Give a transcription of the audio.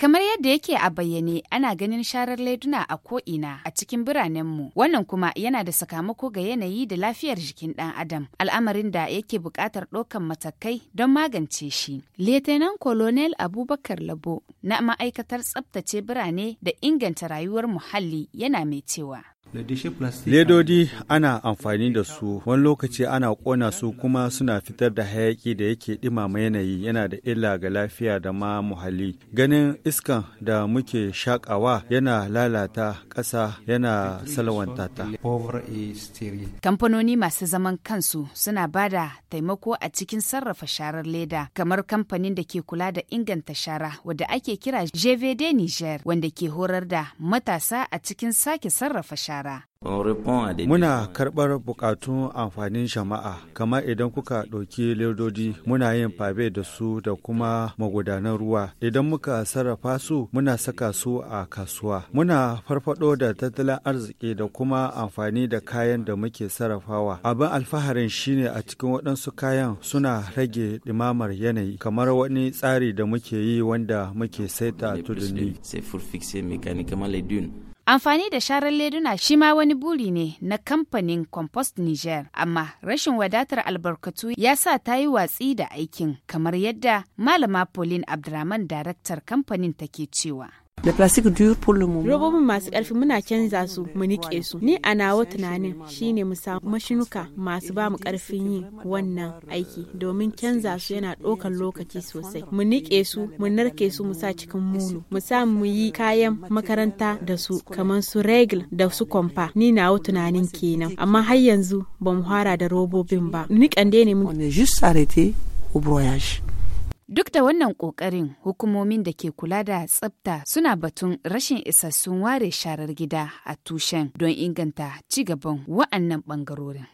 kamar yadda yake a bayyane ana ganin sharar laiduna a ko'ina a cikin biranenmu wannan kuma yana da sakamako ga yanayi da lafiyar jikin ɗan adam al'amarin da yake buƙatar ɗaukan matakai don magance shi. Letenan Colonel Abubakar Labo na ma'aikatar tsabtace birane da inganta rayuwar muhalli yana mai cewa. Ledodi ana amfani da su wani lokaci ana kona su kuma suna fitar da hayaƙi da yake ɗimama yanayi yana da illa ga lafiya da ma muhalli. Ganin iskan da muke shakawa yana lalata ƙasa yana salwanta ta. Kamfanoni masu zaman kansu suna ba da taimako a cikin sarrafa sharar leda kamar kamfanin da ke kula da inganta shara wadda ake kira JVD Niger wanda ke horar da matasa a cikin sake sarrafa shara. yara. Muna karɓar buƙatun amfanin jama'a, kamar idan kuka ɗauki ledodi muna yin fabe da su da kuma magudanan ruwa. Idan muka sarrafa su muna saka su a kasuwa. Muna farfado da tattalin arziki da kuma amfani da kayan da muke sarrafawa. Abin alfaharin shine a cikin waɗansu kayan suna rage ɗimamar yanayi, kamar wani tsari da muke yi wanda muke saita tuduni. Amfani da sharar leduna shi ma wani buri ne na kamfanin Compost Niger, amma rashin wadatar albarkatu ya sa ta yi watsi da aikin, kamar yadda Malama Pauline Abdraman daraktar kamfanin take cewa. da plastic dure pour robobin masu karfi muna canza su mu nike su ni a nawa tunanin shine mu samu mashinuka masu ba mu karfin yin wannan aiki domin canza su yana ɗaukar lokaci sosai mu nike su mu narke su mu sa cikin mulu mu sa mu yi kayan makaranta da su kamar su regal da su kwamfa ni nawa tunanin kenan amma har yanzu ba mu fara da robobin ba ni dai ne mu on est juste arrêté au broyage Duk da wannan ƙoƙarin hukumomin da ke kula da tsafta suna batun rashin isassun ware sharar gida a tushen don inganta ci gaban wa'annan ɓangarorin.